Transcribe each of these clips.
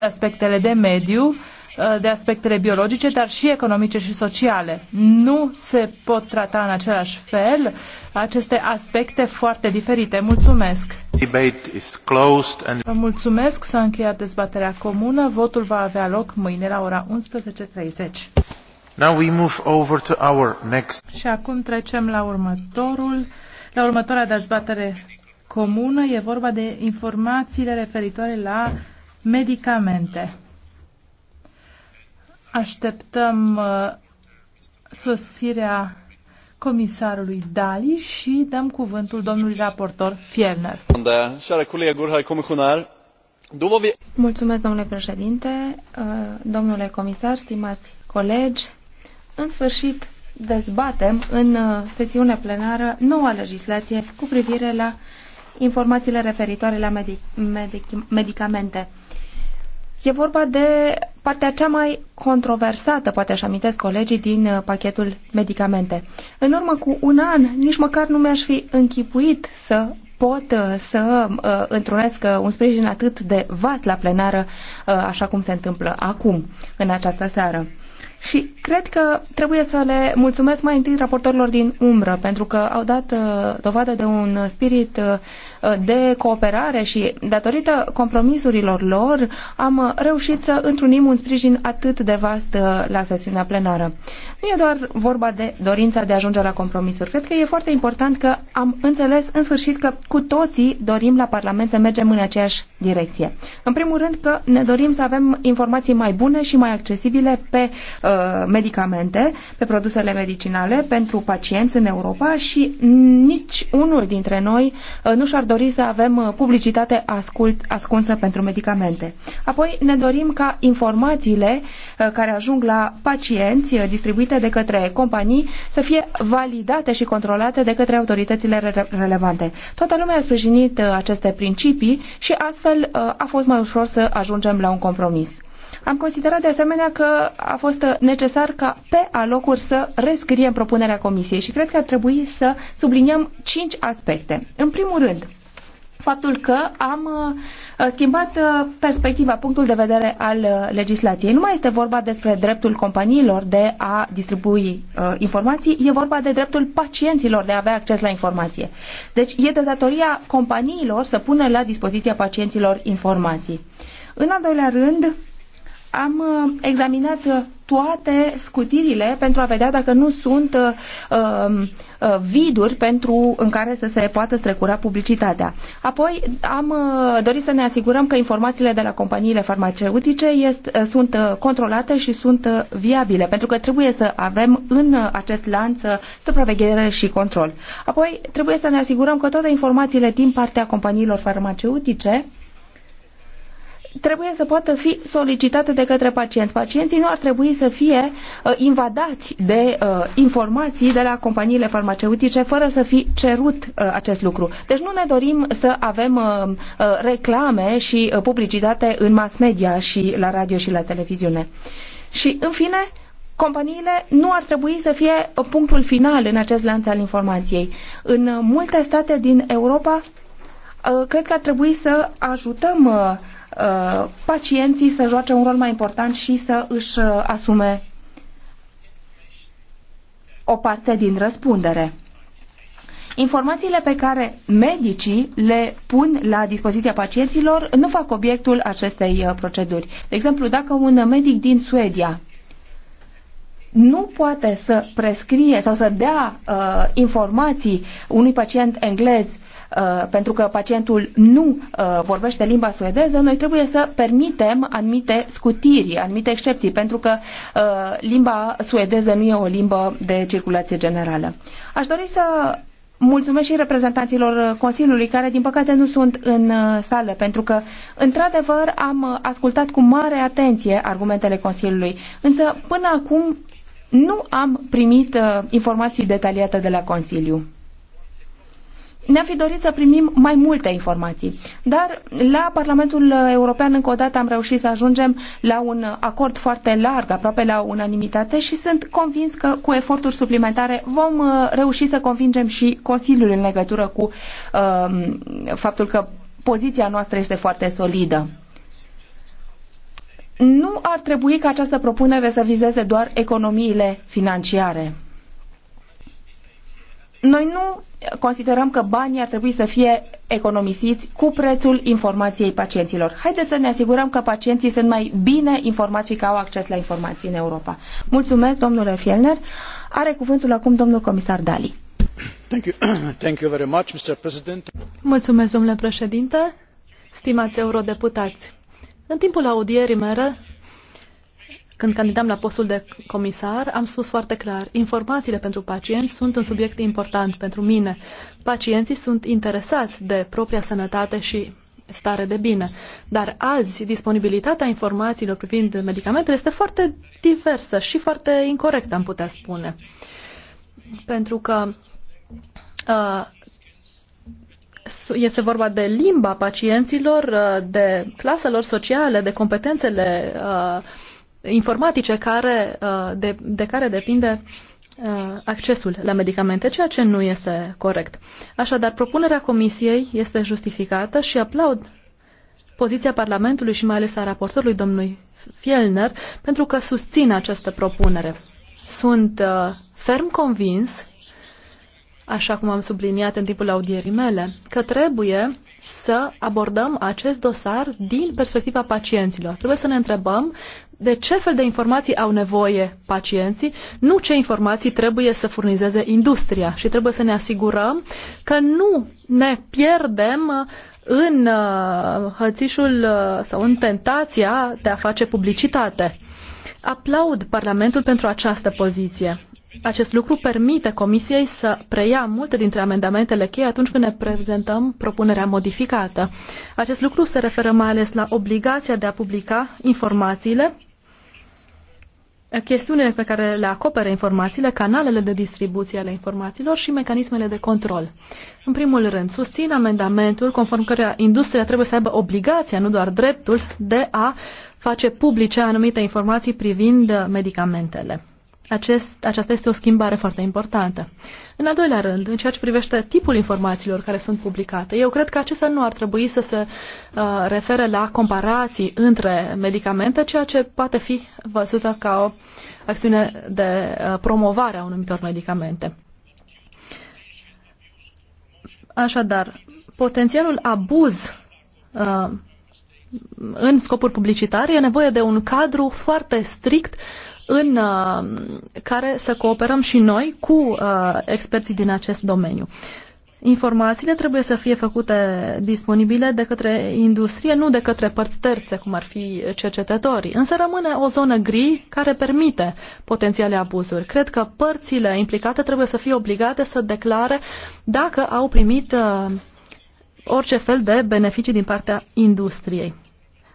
aspectele de mediu, uh, de aspectele biologice, dar și economice și sociale. Nu se pot trata în același fel aceste aspecte foarte diferite. Mulțumesc! Vă mulțumesc, s-a încheiat dezbaterea comună. Votul va avea loc mâine la ora 11.30. Now we move over to our next... Și acum trecem la următorul, la următoarea dezbatere comună. E vorba de informațiile referitoare la medicamente. Așteptăm uh, sosirea comisarului Dali și dăm cuvântul domnului raportor Fierner. Mulțumesc, domnule președinte, uh, domnule comisar, stimați colegi. În sfârșit, dezbatem în uh, sesiunea plenară noua legislație cu privire la informațiile referitoare la medic medic medicamente. E vorba de partea cea mai controversată, poate aș amintesc colegii, din uh, pachetul medicamente. În urmă cu un an, nici măcar nu mi-aș fi închipuit să pot uh, să uh, întrunesc un sprijin atât de vast la plenară, așa cum se întâmplă acum, în această seară. Și cred că trebuie să le mulțumesc mai întâi raportorilor din umbră, pentru că au dat uh, dovadă de un spirit Uh, de cooperare și datorită compromisurilor lor am uh, reușit să întrunim un sprijin atât de vast uh, la sesiunea plenară. Nu e doar vorba de dorința de a ajunge la compromisuri. Cred că e foarte important că am înțeles în sfârșit că cu toții dorim la Parlament să mergem în aceeași direcție. În primul rând că ne dorim să avem informații mai bune și mai accesibile pe uh, medicamente, pe produsele medicinale pentru pacienți în Europa și nici unul dintre noi uh, nu și-ar dori să avem uh, publicitate ascult, ascunsă pentru medicamente. Apoi ne dorim ca informațiile uh, care ajung la pacienți uh, distribuite de către companii să fie validate și controlate de către autoritățile re relevante. Toată lumea a sprijinit aceste principii și astfel a fost mai ușor să ajungem la un compromis. Am considerat de asemenea că a fost necesar ca pe alocuri să rescriem propunerea comisiei și cred că ar trebui să subliniem cinci aspecte. În primul rând, faptul că am uh, schimbat uh, perspectiva, punctul de vedere al uh, legislației. Nu mai este vorba despre dreptul companiilor de a distribui informații, e vorba de dreptul pacienților de a avea acces la informație. Deci e de datoria companiilor să pună la dispoziția pacienților informații. În al doilea rând, am uh, examinat uh, toate scutirile pentru a vedea dacă nu sunt uh, um, uh, viduri pentru în care să se poată strecura publicitatea. Apoi am uh, dorit să ne asigurăm că informațiile de la companiile farmaceutice este, uh, sunt controlate și sunt viabile, pentru că trebuie să avem în acest lanț supraveghere și control. Apoi trebuie să ne asigurăm că toate informațiile din partea companiilor farmaceutice trebuie să poată fi solicitate de către pacienți. Pacienții nu ar trebui să fie uh, invadați de uh, informații de la companiile farmaceutice fără să fi cerut uh, acest lucru. Deci nu ne dorim să avem uh, uh, reclame și uh, publicitate în mass media și la radio și la televiziune. Și în fine, companiile nu ar trebui să fie uh, punctul final în acest lanț al informației. În uh, multe state din Europa, uh, cred că ar trebui să ajutăm Uh, pacienții să joace un rol mai important și să își uh, asume o parte din răspundere. Informațiile pe care medicii le pun la dispoziția pacienților nu fac obiectul acestei uh, proceduri. De exemplu, dacă un medic din Suedia nu poate să prescrie sau să dea uh, informații unui pacient englez Uh, pentru că pacientul nu uh, vorbește limba suedeză, noi trebuie să permitem anumite scutiri, anumite excepții, pentru că uh, limba suedeză nu e o limbă de circulație generală. Aș dori să Mulțumesc și reprezentanților Consiliului, care din păcate nu sunt în sală, pentru că, într-adevăr, am ascultat cu mare atenție argumentele Consiliului, însă până acum nu am primit informații detaliate de la Consiliu ne-a fi dorit să primim mai multe informații, dar la Parlamentul European încă o dată am reușit să ajungem la un acord foarte larg, aproape la unanimitate și sunt convins că cu eforturi suplimentare vom uh, reuși să convingem și Consiliul în legătură cu um, faptul că poziția noastră este foarte solidă. Nu ar trebui ca această propunere să vizeze doar economiile financiare noi nu considerăm că banii ar trebui să fie economisiți cu prețul informației pacienților. Haideți să ne asigurăm că pacienții sunt mai bine informați și că au acces la informații în Europa. Mulțumesc, domnule Fielner. Are cuvântul acum domnul comisar Dali. Thank you. Thank you very much, Mr. President. Mulțumesc, domnule președinte. Stimați eurodeputați, în timpul audierii mele când candidam la postul de comisar, am spus foarte clar, informațiile pentru pacienți sunt un subiect important pentru mine. Pacienții sunt interesați de propria sănătate și stare de bine. Dar azi disponibilitatea informațiilor privind medicamentele este foarte diversă și foarte incorrectă, am putea spune. Pentru că uh, este vorba de limba pacienților, uh, de claselor sociale, de competențele uh, informatice care, uh, de, de care depinde uh, accesul la medicamente, ceea ce nu este corect. Așadar, propunerea Comisiei este justificată și aplaud poziția Parlamentului și mai ales a raportorului domnului Fielner pentru că susțin această propunere. Sunt uh, ferm convins, așa cum am subliniat în timpul audierii mele, că trebuie să abordăm acest dosar din perspectiva pacienților. Trebuie să ne întrebăm de ce fel de informații au nevoie pacienții, nu ce informații trebuie să furnizeze industria și trebuie să ne asigurăm că nu ne pierdem uh, în uh, hățișul uh, sau în tentația de a face publicitate. Aplaud Parlamentul pentru această poziție. Acest lucru permite Comisiei să preia multe dintre amendamentele cheie atunci când ne prezentăm propunerea modificată. Acest lucru se referă mai ales la obligația de a publica informațiile chestiunile pe care le acopere informațiile, canalele de distribuție ale informațiilor și mecanismele de control. În primul rând, susțin amendamentul conform căruia industria trebuie să aibă obligația, nu doar dreptul, de a face publice anumite informații privind medicamentele. Acest, aceasta este o schimbare foarte importantă. În al doilea rând, în ceea ce privește tipul informațiilor care sunt publicate, eu cred că acesta nu ar trebui să se uh, refere la comparații între medicamente, ceea ce poate fi văzută ca o acțiune de uh, promovare a anumitor medicamente. Așadar, potențialul abuz uh, în scopuri publicitare e nevoie de un cadru foarte strict uh, în uh, care să cooperăm și noi cu uh, experții din acest domeniu. Informațiile trebuie să fie făcute disponibile de către industrie, nu de către părți terțe, cum ar fi cercetătorii. Însă rămâne o zonă gri care permite potențiale abuzuri. Cred că părțile implicate trebuie să fie obligate să declare dacă au primit uh, orice fel de beneficii din partea industriei.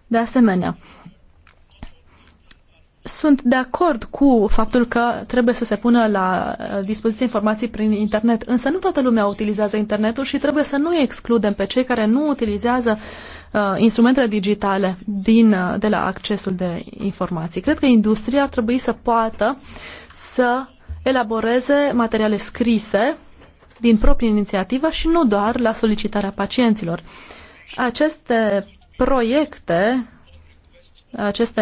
De asemenea, sunt de acord cu faptul că trebuie să se pună la uh, dispoziție informații prin internet, însă nu toată lumea utilizează internetul și trebuie să nu excludem pe cei care nu utilizează uh, instrumentele digitale din, uh, de la accesul de informații. Cred că industria ar trebui să poată să elaboreze materiale scrise din proprie inițiativă și nu doar la solicitarea pacienților. Aceste proiecte, aceste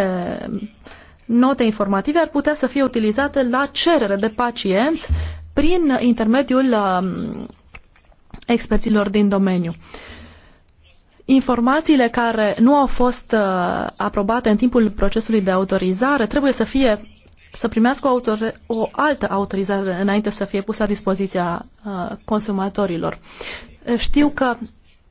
note informative ar putea să fie utilizate la cerere de pacienți prin intermediul um, experților din domeniu. Informațiile care nu au fost uh, aprobate în timpul procesului de autorizare trebuie să fie să primească o, autor, o altă autorizare înainte să fie pusă la dispoziția uh, consumatorilor. Știu că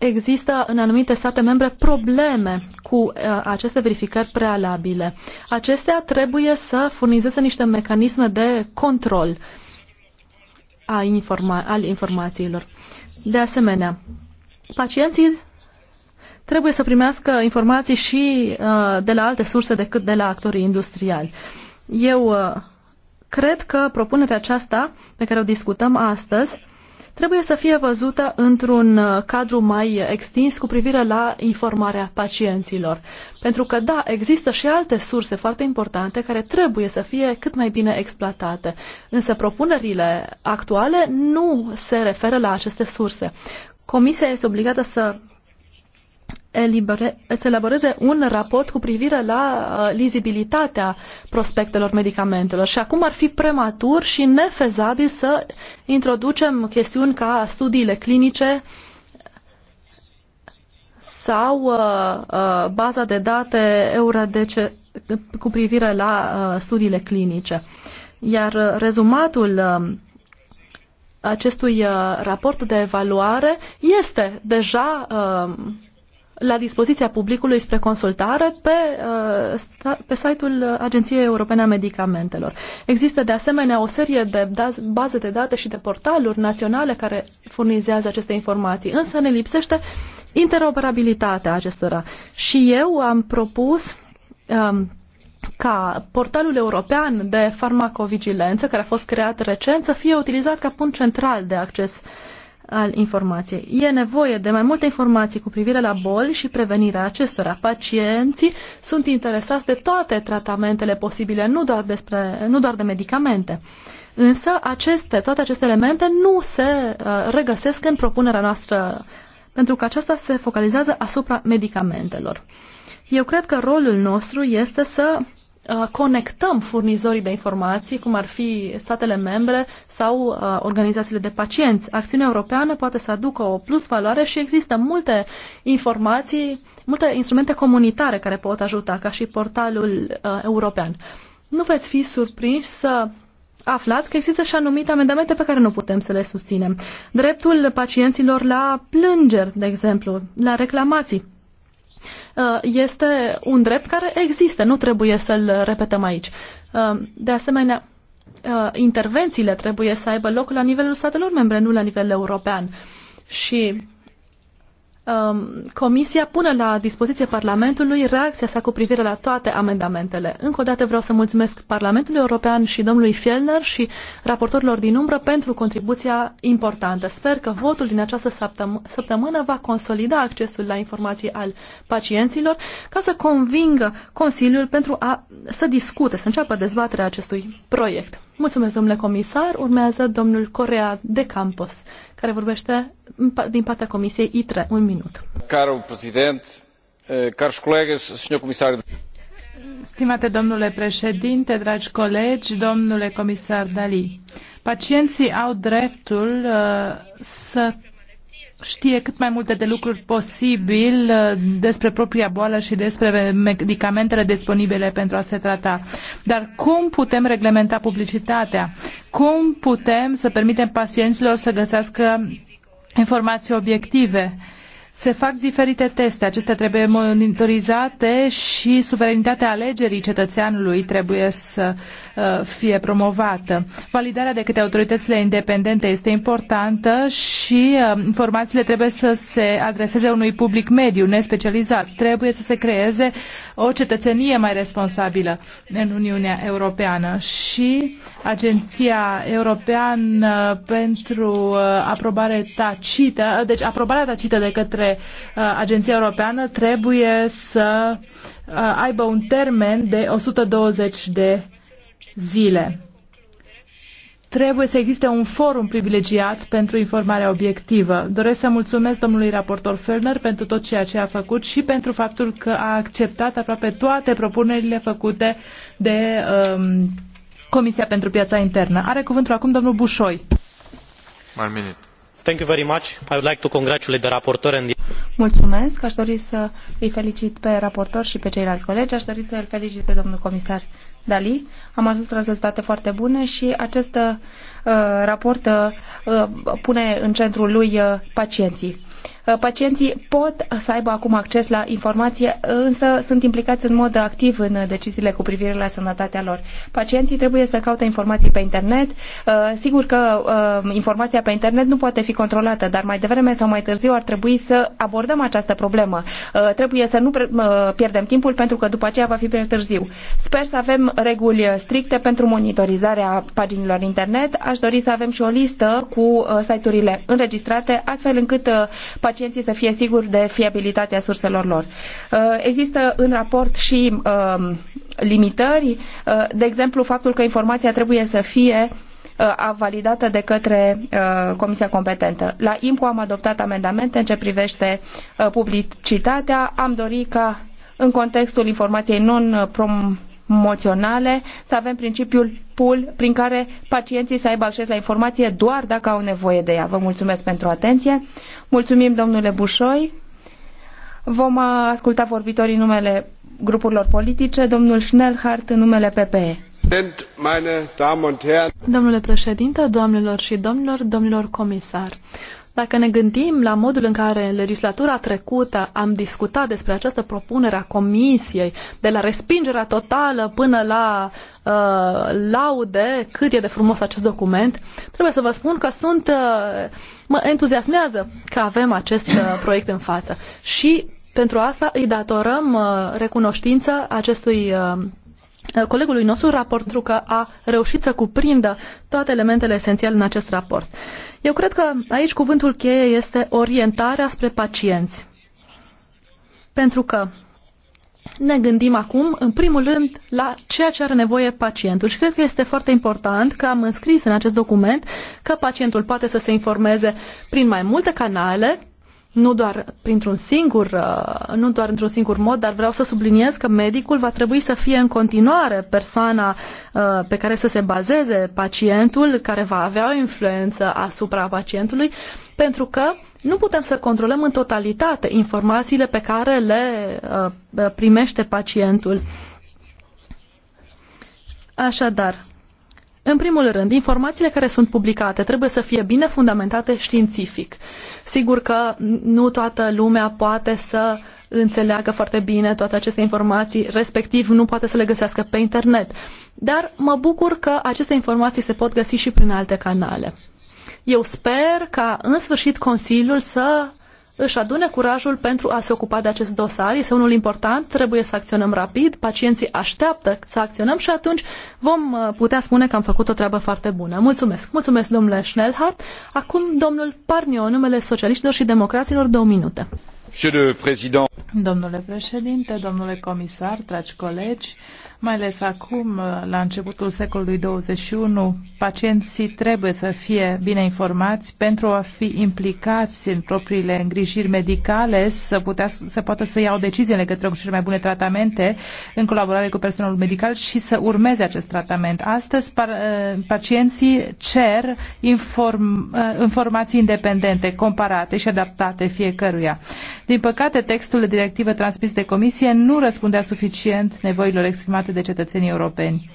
există în anumite state membre probleme cu uh, aceste verificări prealabile. Acestea trebuie să furnizeze niște mecanisme de control a informa- al informațiilor. De asemenea, pacienții trebuie să primească informații și uh, de la alte surse decât de la actorii industriali. Eu uh, cred că propunerea aceasta pe care o discutăm astăzi trebuie să fie văzută într-un uh, cadru mai extins cu privire la informarea pacienților. Pentru că, da, există și alte surse foarte importante care trebuie să fie cât mai bine exploatate. Însă propunerile actuale nu se referă la aceste surse. Comisia este obligată să elibere, să elaboreze un raport cu privire la uh, lizibilitatea prospectelor medicamentelor. Și acum ar fi prematur și nefezabil să introducem chestiuni ca studiile clinice sau uh, uh, baza de date EURADC cu privire la uh, studiile clinice. Iar uh, rezumatul uh, acestui uh, raport de evaluare este deja uh, la dispoziția publicului spre consultare pe, uh, pe site-ul Agenției Europene a Medicamentelor. Există de asemenea o serie de baze de date și de portaluri naționale care furnizează aceste informații, însă ne lipsește interoperabilitatea acestora. Și eu am propus um, ca portalul european de farmacovigilență, care a fost creat recent, să fie utilizat ca punct central de acces uh, al informației. E nevoie de mai multe informații cu privire la boli și prevenirea acestora. Pacienții sunt interesați de toate tratamentele posibile, nu doar, despre, nu doar de medicamente. Însă aceste, toate aceste elemente nu se uh, regăsesc în propunerea noastră, pentru că aceasta se focalizează asupra medicamentelor. Eu cred că rolul nostru este să Uh, conectăm furnizorii de informații, cum ar fi statele membre sau uh, organizațiile de pacienți. Acțiunea europeană poate să aducă o plus valoare și există multe informații, multe instrumente comunitare care pot ajuta, ca și portalul uh, european. Nu veți fi surprinși să aflați că există și anumite amendamente pe care nu putem să le susținem. Dreptul pacienților la plângeri, de exemplu, la reclamații Uh, este un drept care există, nu trebuie să-l repetăm aici. Uh, de asemenea, uh, intervențiile trebuie să aibă loc la nivelul statelor membre, nu la nivel european. Și Um, comisia pune la dispoziție Parlamentului reacția sa cu privire la toate amendamentele. Încă o dată vreau să mulțumesc Parlamentului European și domnului Fielner și raportorilor din umbră pentru contribuția importantă. Sper că votul din această săptămână va consolida accesul la informații al pacienților ca să convingă Consiliul pentru a să discute, să înceapă dezbaterea acestui proiect. Mulțumesc, domnule comisar. Urmează domnul Corea de Campos, care vorbește din partea Comisiei ITRE. Un minut. Caro președinte, eh, cari colegi, domnule comisar. Stimate domnule președinte, dragi colegi, domnule comisar Dali, pacienții au dreptul uh, să știe cât mai multe de lucruri posibil uh, despre propria boală și despre medicamentele disponibile pentru a se trata. Dar cum putem reglementa publicitatea? Cum putem să permitem pacienților să găsească informații obiective? Se fac diferite teste, acestea trebuie monitorizate și suveranitatea alegerii cetățeanului trebuie să uh, fie promovată. Validarea de către autoritățile independente este importantă și uh, informațiile trebuie să se adreseze unui public mediu nespecializat. Trebuie să se creeze o cetățenie mai responsabilă în Uniunea Europeană și Agenția Europeană pentru uh, aprobare tacită, deci aprobarea tacită de către uh, Agenția Europeană trebuie să uh, aibă un termen de 120 de zile trebuie să existe un forum privilegiat pentru informarea obiectivă. Doresc să mulțumesc domnului raportor Fellner pentru tot ceea ce a făcut și pentru faptul că a acceptat aproape toate propunerile făcute de um, Comisia pentru Piața Internă. Are cuvântul acum domnul Bușoi. Thank you very much. I would like to congratulate the raportor and the... Mulțumesc. Aș dori să îi felicit pe raportor și pe ceilalți colegi. Aș dori să îl felicit pe domnul comisar Dali. Am ajuns rezultate foarte bune și acest uh, raport uh, uh pune în centrul lui uh, pacienții. Uh, pacienții pot să aibă acum acces la informație, însă sunt implicați în mod activ în deciziile cu privire la sănătatea lor. Pacienții trebuie să caute informații pe internet. Uh, sigur că uh, informația pe internet nu poate fi controlată, dar mai devreme sau mai târziu ar trebui să abordăm această problemă. Trebuie să nu pierdem timpul pentru că după aceea va fi prea târziu. Sper să avem reguli stricte pentru monitorizarea paginilor internet. Aș dori să avem și o listă cu site-urile înregistrate, astfel încât pacienții pacienții să fie siguri de fiabilitatea surselor lor. Uh, există în raport și um, limitări, uh, de exemplu faptul că informația trebuie să fie uh, a validată de către Comisia competentă. La IMCO am adoptat amendamente în ce privește publicitatea. Am dorit ca în contextul informației non-prom emoționale, să avem principiul PUL prin care pacienții să aibă acces la informație doar dacă au nevoie de ea. Vă mulțumesc pentru atenție. Mulțumim, domnule Bușoi. Vom asculta vorbitorii numele grupurilor politice, domnul Schnellhardt în numele PPE. Domnule președinte, doamnelor și domnilor, domnilor comisar, dacă ne gândim la modul în care în legislatura trecută am discutat despre această propunere a Comisiei, de la respingerea totală până la uh, laude, cât e de frumos acest document, trebuie să vă spun că sunt, uh, mă entuziasmează că avem acest uh, proiect în față. Și pentru asta îi datorăm uh, recunoștință acestui uh, Eh, colegului nostru raport, pentru că a reușit să cuprindă toate elementele esențiale în acest raport. Eu cred că aici cuvântul cheie este orientarea spre pacienți. Pentru că ne gândim acum, în primul rând, la ceea ce are nevoie pacientul. Și cred că este foarte important că am înscris în acest document că pacientul poate să se informeze prin mai multe canale, nu doar printr-un singur, uh, nu doar într-un singur mod, dar vreau să subliniez că medicul va trebui să fie în continuare persoana uh, pe care să se bazeze pacientul, care va avea o influență asupra pacientului, pentru că nu putem să controlăm în totalitate informațiile pe care le uh, primește pacientul. Așadar, în primul rând, informațiile care sunt publicate trebuie să fie bine fundamentate științific. Sigur că nu toată lumea poate să înțeleagă foarte bine toate aceste informații, respectiv nu poate să le găsească pe internet. Dar mă bucur că aceste informații se pot găsi și prin alte canale. Eu sper ca în sfârșit Consiliul să își adune curajul pentru a se ocupa de acest dosar. Este unul important, trebuie să acționăm rapid, pacienții așteaptă să acționăm și atunci vom uh, putea spune că am făcut o treabă foarte bună. Mulțumesc! Mulțumesc, domnule Schnellhardt. Acum, domnul Parnio, numele socialiștilor și democraților, două minute. Domnule președinte, domnule comisar, dragi colegi, mai ales acum, la începutul secolului 21, pacienții trebuie să fie bine informați pentru a fi implicați în propriile îngrijiri medicale, să, putea, să poată să iau decizii în legătură cu cele mai bune tratamente în colaborare cu personalul medical și să urmeze acest tratament. Astăzi, uh, pacienții cer inform, uh, informații independente, comparate și adaptate fiecăruia. Din păcate, textul de directivă transmis de comisie nu răspundea suficient nevoilor exprimate realizate de cetățenii europeni.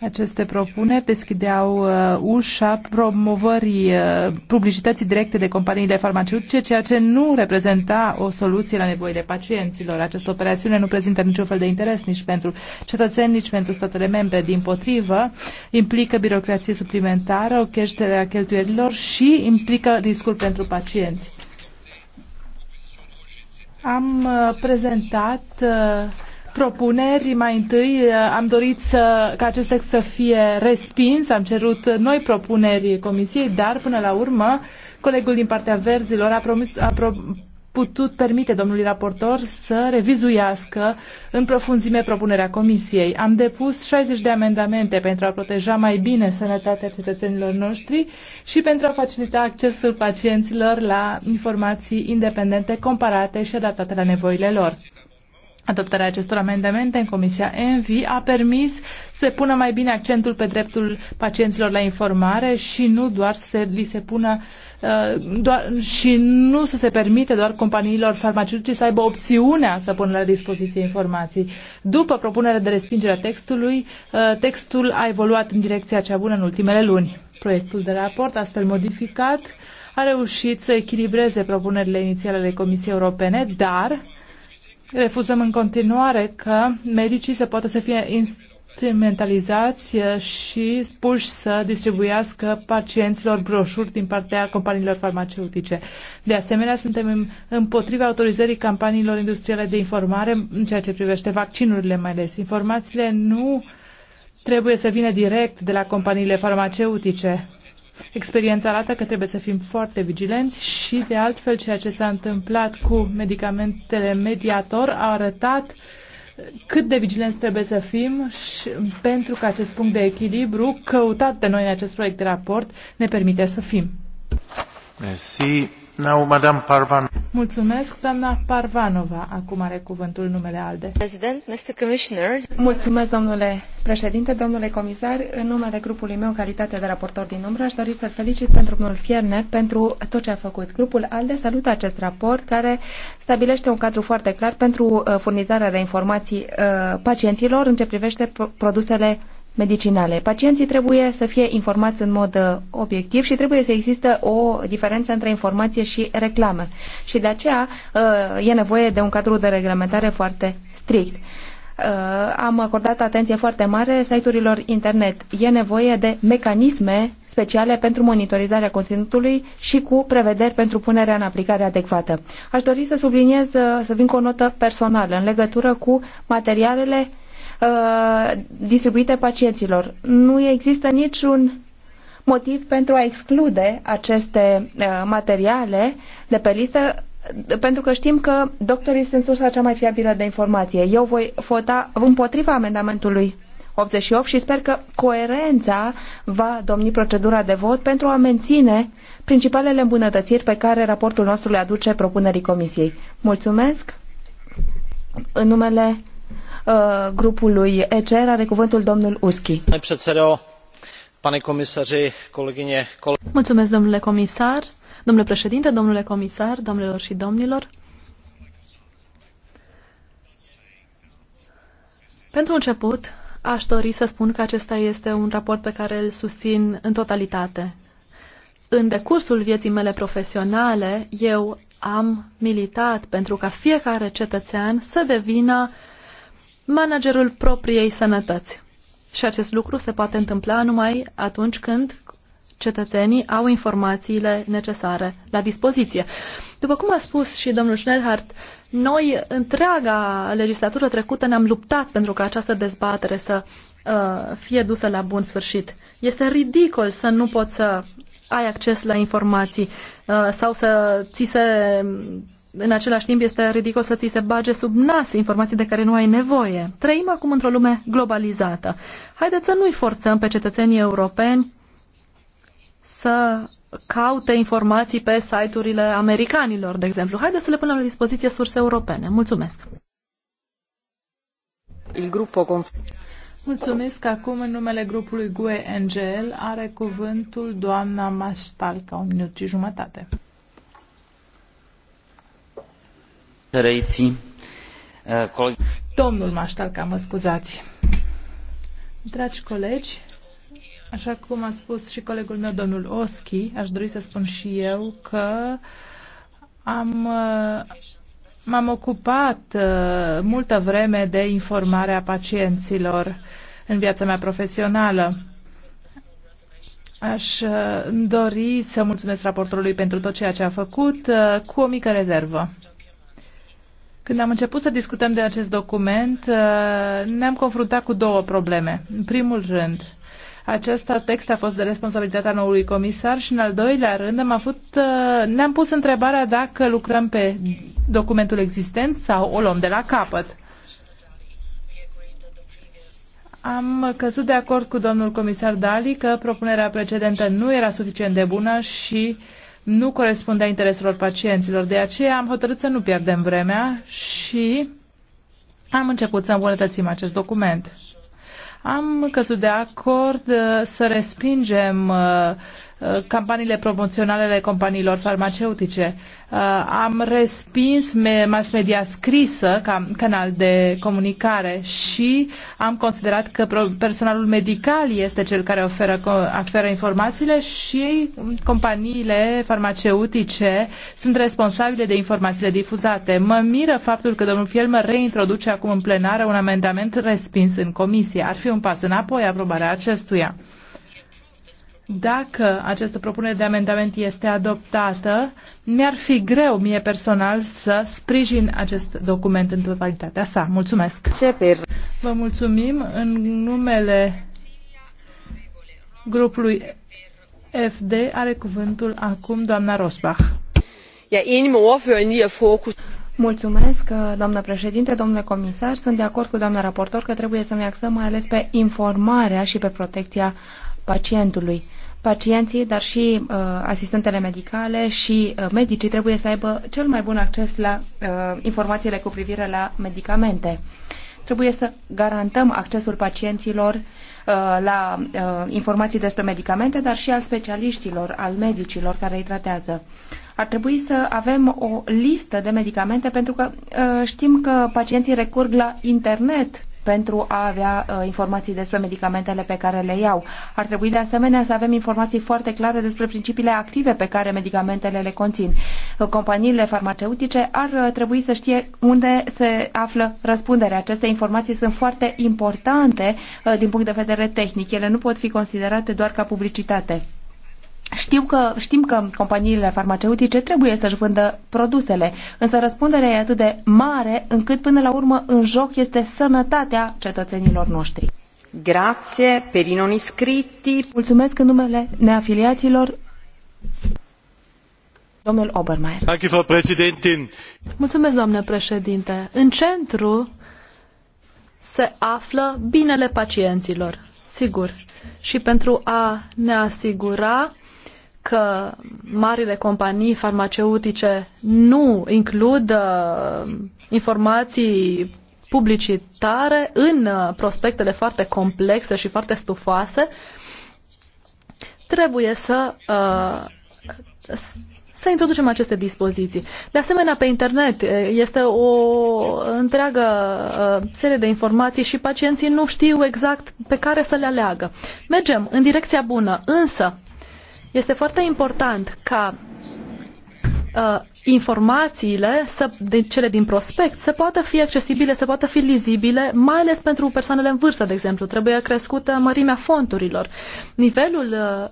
Aceste propuneri deschideau uh, ușa promovării uh, publicității directe de companiile farmaceutice, ceea ce nu reprezenta o soluție la nevoile pacienților. Această operațiune nu prezintă niciun fel de interes nici pentru cetățeni, nici pentru statele membre. Din potrivă, implică birocrație suplimentară, o creștere a cheltuielilor și implică riscul pentru pacienți. Am uh, prezentat uh, propuneri. Mai întâi eh, am dorit să, ca acest text să fie respins, am cerut noi propuneri Comisiei, dar până la urmă colegul din partea verzilor a, promis, a pro, putut permite domnului raportor să revizuiască în profunzime propunerea Comisiei. Am depus 60 de amendamente pentru a proteja mai bine sănătatea cetățenilor noștri și pentru a facilita accesul pacienților la informații independente, comparate și adaptate la nevoile lor. Adoptarea acestor amendamente în Comisia ENVI a permis să pună mai bine accentul pe dreptul pacienților la informare și nu doar să li se pună uh, doar, și nu să se permite doar companiilor farmaceutice să aibă opțiunea să pună la dispoziție informații. După propunerea de respingere a textului, uh, textul a evoluat în direcția cea bună în ultimele luni. Proiectul de raport, astfel modificat, a reușit să echilibreze propunerile inițiale ale Comisiei Europene, dar refuzăm în continuare că medicii se poate să fie instrumentalizați și puși să distribuiască pacienților broșuri din partea companiilor farmaceutice. De asemenea, suntem împotriva autorizării campaniilor industriale de informare în ceea ce privește vaccinurile mai ales. Informațiile nu trebuie să vină direct de la companiile farmaceutice Experiența arată că trebuie să fim foarte vigilenți și, de altfel, ceea ce s-a întâmplat cu medicamentele mediator a arătat cât de vigilenți trebuie să fim și pentru că acest punct de echilibru căutat de noi în acest proiect de raport ne permite să fim. Merci. Now, Madame Parvan. Mulțumesc, doamna Parvanova. Acum are cuvântul numele ALDE. President, Mr. Commissioner. Mulțumesc, domnule Președinte, domnule comisar, în numele grupului meu, calitatea calitate de raportor din umbră, aș dori să-l felicit pentru domnul Fierner pentru tot ce a făcut. Grupul ALDE salută acest raport care stabilește un cadru foarte clar pentru uh, furnizarea de informații uh, pacienților în ce privește produsele medicinale. Pacienții trebuie să fie informați în mod uh, obiectiv și trebuie să există o diferență între informație și reclamă. Și de aceea e nevoie de un cadru de reglementare foarte strict. Uh, am acordat atenție foarte mare site-urilor internet. E nevoie de mecanisme speciale pentru monitorizarea conținutului și cu prevederi pentru punerea în aplicare adecvată. Aș dori să subliniez, uh, să vin cu o notă personală în legătură cu materialele uh, distribuite pacienților. Nu există niciun motiv pentru a exclude aceste uh, materiale de pe listă pentru că știm că doctorii sunt sursa cea mai fiabilă de informație. Eu voi vota împotriva amendamentului 88 și sper că coerența va domni procedura de vot pentru a menține principalele îmbunătățiri pe care raportul nostru le aduce propunerii Comisiei. Mulțumesc! În numele uh, grupului ECR are cuvântul domnul Uschi. Pane comisari, colegine, coleg... Mulțumesc, domnule comisar, Domnule președinte, domnule comisar, domnilor și domnilor, pentru început aș dori să spun că acesta este un raport pe care îl susțin în totalitate. În decursul vieții mele profesionale, eu am militat pentru ca fiecare cetățean să devină managerul propriei sănătăți. Și acest lucru se poate întâmpla numai atunci când cetățenii au informațiile necesare la dispoziție. După cum a spus și domnul Schnellhardt, noi întreaga legislatură trecută ne-am luptat pentru ca această dezbatere să uh, fie dusă la bun sfârșit. Este ridicol să nu poți să ai acces la informații uh, sau să ți se în același timp este ridicol să ți se bage sub nas informații de care nu ai nevoie. Trăim acum într-o lume globalizată. Haideți să nu-i forțăm pe cetățenii europeni să caute informații pe site-urile americanilor, de exemplu. Haideți să le punem la dispoziție surse europene. Mulțumesc! Il gruppo Mulțumesc. Acum, în numele grupului GUE NGL, are cuvântul doamna Maștalca, un minut și jumătate. Domnul Maștalca, mă scuzați. Dragi colegi, Așa cum a spus și colegul meu, domnul Oschi, aș dori să spun și eu că am, m-am ocupat uh, multă vreme de informarea pacienților în viața mea profesională. Aș uh, dori să mulțumesc raportorului pentru tot ceea ce a făcut, uh, cu o mică rezervă. Când am început să discutăm de acest document, ne-am confruntat cu două probleme. În primul rând, acest text a fost de responsabilitatea noului comisar și, în al doilea rând, am avut, uh, ne-am pus întrebarea dacă lucrăm pe documentul existent sau o luăm de la capăt. Am căzut de acord cu domnul comisar Dali că propunerea precedentă nu era suficient de bună și nu corespundea intereselor pacienților. De aceea am hotărât să nu pierdem vremea și am început să îmbunătățim acest document. Am căzut de acord uh, să respingem uh, Uh, campaniile promoționale ale companiilor farmaceutice. Uh, am respins mass media scrisă ca canal de comunicare și am considerat că personalul medical este cel care oferă, oferă informațiile și companiile farmaceutice sunt responsabile de informațiile difuzate. Mă miră faptul că domnul Fielmer reintroduce acum în plenară un amendament respins în comisie. Ar fi un pas înapoi aprobarea acestuia. Dacă această propunere de amendament este adoptată, mi-ar fi greu mie personal să sprijin acest document în totalitatea sa. Mulțumesc! Vă mulțumim în numele grupului FD are cuvântul acum doamna Rosbach. Mulțumesc, doamnă președinte, domnule comisar. Sunt de acord cu doamna raportor că trebuie să ne axăm mai ales pe informarea și pe protecția pacientului. Pacienții, dar și uh, asistentele medicale și uh, medicii trebuie să aibă cel mai bun acces la uh, informațiile cu privire la medicamente. Trebuie să garantăm accesul pacienților uh, la uh, informații despre medicamente, dar și al specialiștilor, al medicilor care îi tratează ar trebui să avem o listă de medicamente pentru că uh, știm că pacienții recurg la internet pentru a avea uh, informații despre medicamentele pe care le iau. Ar trebui de asemenea să avem informații foarte clare despre principiile active pe care medicamentele le conțin. Uh, companiile farmaceutice ar uh, trebui să știe unde se află răspunderea. Aceste informații sunt foarte importante din punct de vedere tehnic. Ele nu pot fi considerate doar ca publicitate. Știu că, știm că companiile farmaceutice trebuie să-și vândă produsele, însă răspunderea e atât de mare încât până la urmă în joc este sănătatea cetățenilor noștri. Grație, per i iscritti. Mulțumesc în numele neafiliaților. Domnul Obermeier. Mulțumesc, doamnă președinte. În centru se află binele pacienților, sigur. Și pentru a ne asigura că marile companii farmaceutice nu includ uh, informații publicitare în uh, prospectele foarte complexe și foarte stufoase, trebuie să, uh, să introducem aceste dispoziții. De asemenea, pe internet este o întreagă serie de informații și pacienții nu știu exact pe care să le aleagă. Mergem în direcția bună, însă este foarte important ca uh, informațiile, să, de cele din prospect, să poată fi accesibile, să poată fi lizibile, mai ales pentru persoanele în vârstă, de exemplu. Trebuie crescută mărimea fonturilor. Nivelul uh,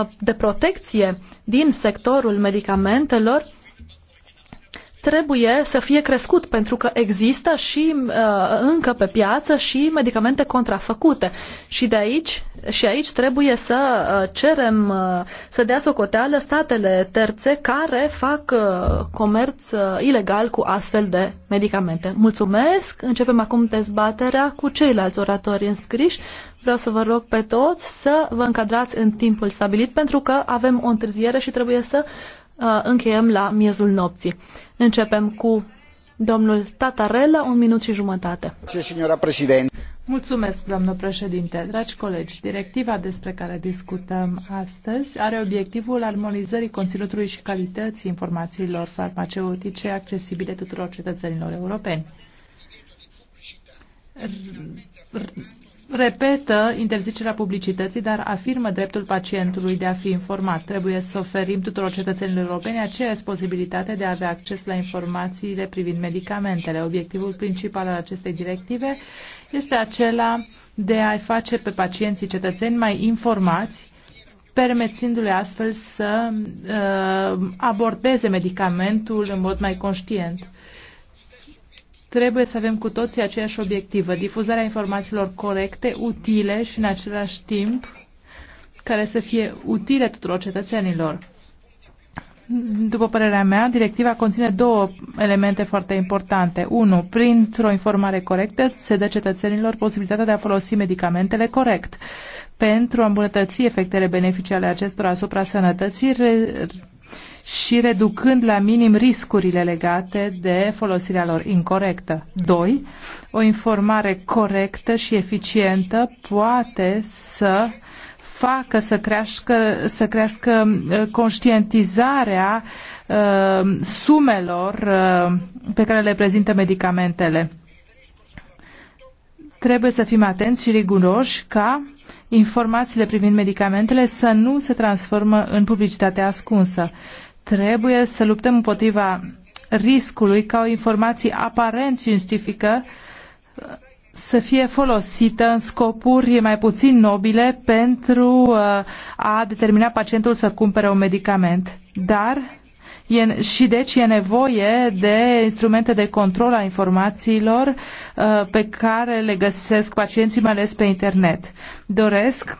uh, de protecție din sectorul medicamentelor trebuie să fie crescut pentru că există și uh, încă pe piață și medicamente contrafăcute. Și de aici, și aici trebuie să uh, cerem uh, să dea socoteală statele terțe care fac uh, comerț uh, ilegal cu astfel de medicamente. Mulțumesc! Începem acum dezbaterea cu ceilalți oratori înscriși. Vreau să vă rog pe toți să vă încadrați în timpul stabilit pentru că avem o întârziere și trebuie să uh, Uh, încheiem la miezul nopții. Începem cu domnul Tatarella, un minut și jumătate. Mulțumesc, doamnă președinte. Dragi colegi, directiva despre care discutăm astăzi are obiectivul armonizării conținutului și calității informațiilor farmaceutice accesibile tuturor cetățenilor europeni repetă interzicerea publicității, dar afirmă dreptul pacientului de a fi informat. Trebuie să oferim tuturor cetățenilor europeni aceeași posibilitate de a avea acces la informațiile privind medicamentele. Obiectivul principal al acestei directive este acela de a-i face pe pacienții cetățeni mai informați permețindu-le astfel să uh, abordeze medicamentul în mod mai conștient. Trebuie să avem cu toții aceeași obiectivă, difuzarea informațiilor corecte, utile și în același timp care să fie utile tuturor cetățenilor. După părerea mea, directiva conține două elemente foarte importante. Unu, printr-o informare corectă se dă cetățenilor posibilitatea de a folosi medicamentele corect. Pentru a îmbunătăți efectele benefice ale acestora asupra sănătății, și reducând la minim riscurile legate de folosirea lor incorrectă. 2. O informare corectă și eficientă poate să facă să crească, să crească uh, conștientizarea uh, sumelor uh, pe care le prezintă medicamentele. Trebuie să fim atenți și riguroși ca informațiile privind medicamentele să nu se transformă în publicitate ascunsă. Trebuie să luptăm împotriva riscului ca o informație aparent științifică uh, să fie folosită în scopuri mai puțin nobile pentru uh, a determina pacientul să cumpere un medicament. Dar E, și deci e nevoie de instrumente de control a informațiilor uh, pe care le găsesc pacienții, mai ales pe internet. Doresc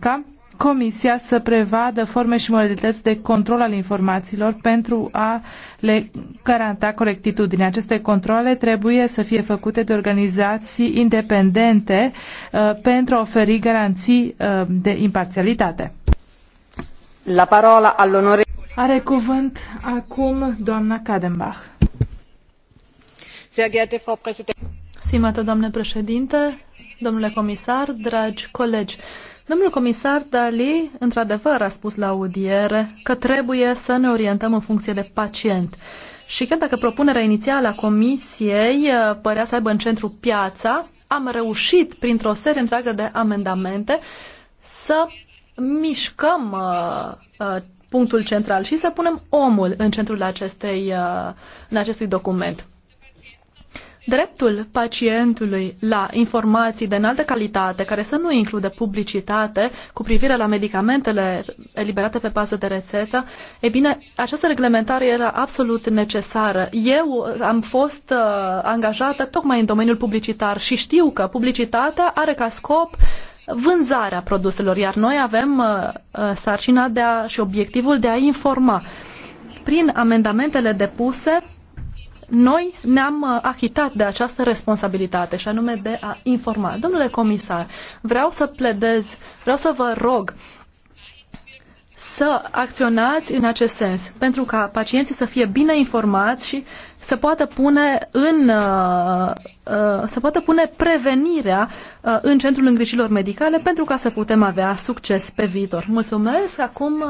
ca Comisia să prevadă forme și modalități de control al informațiilor pentru a le garanta corectitudine. Aceste controle trebuie să fie făcute de organizații independente uh, pentru a oferi garanții uh, de imparțialitate. La parola all'onore are cuvânt acum doamna Kadenbach. Stimată doamnă președinte, domnule comisar, dragi colegi, Domnul comisar Dali, într-adevăr, a spus la audiere că trebuie să ne orientăm în funcție de pacient. Și chiar dacă propunerea inițială a comisiei uh, părea să aibă în centru piața, am reușit, printr-o serie întreagă de amendamente, să mișcăm uh, uh, punctul central și să punem omul în centrul acestei, uh, în acestui document. Dreptul pacientului la informații de înaltă calitate, care să nu includă publicitate cu privire la medicamentele eliberate pe bază de rețetă, e bine, această reglementare era absolut necesară. Eu am fost uh, angajată tocmai în domeniul publicitar și știu că publicitatea are ca scop uh, vânzarea produselor, iar noi avem uh, uh, sarcina de a, și obiectivul de a informa. Prin amendamentele depuse, noi ne-am uh, achitat de această responsabilitate și anume de a informa. Domnule comisar, vreau să pledez, vreau să vă rog să acționați în acest sens, pentru ca pacienții să fie bine informați și să poată pune în uh, uh, să poată pune prevenirea uh, în centrul îngrijirilor medicale pentru ca să putem avea succes pe viitor. Mulțumesc. Acum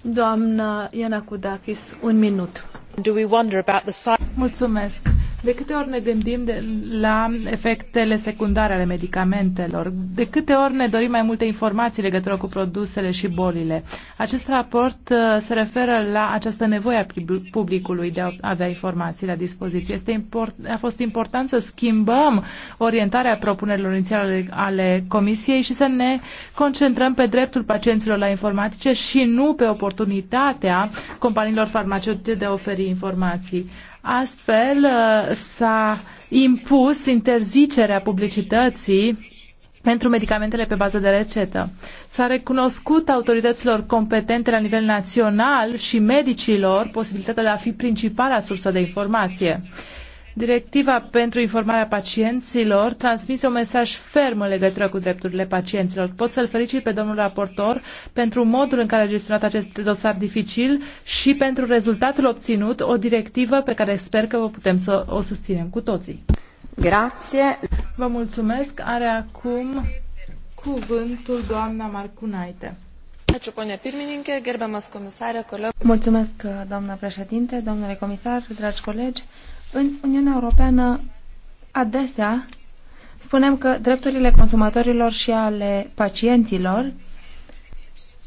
doamna Iana Kudakis, un minut. Do we wonder about the Mulțumesc. De câte ori ne gândim de, la efectele secundare ale medicamentelor? De câte ori ne dorim mai multe informații legătură cu produsele și bolile? Acest raport uh, se referă la această nevoie a publicului de a avea informații la dispoziție. Este import, a fost important să schimbăm orientarea propunerilor inițiale ale Comisiei și să ne concentrăm pe dreptul pacienților la informatice și nu pe oportunitatea companiilor farmaceutice de a oferi informații. Astfel uh, s-a impus interzicerea publicității pentru medicamentele pe bază de recetă. S-a recunoscut autorităților competente la nivel național și medicilor posibilitatea de a fi principala sursă de informație. Directiva pentru informarea pacienților transmite un mesaj ferm în legătură cu drepturile pacienților. Pot să-l felicit pe domnul raportor pentru modul în care a gestionat acest dosar dificil și pentru rezultatul obținut, o directivă pe care sper că vă putem să o susținem cu toții. Grație. Vă mulțumesc. Are acum cuvântul doamna Marcunaite. Mulțumesc, doamna președinte, domnule comisar, dragi colegi. În Uniunea Europeană, adesea, spunem că drepturile consumatorilor și ale pacienților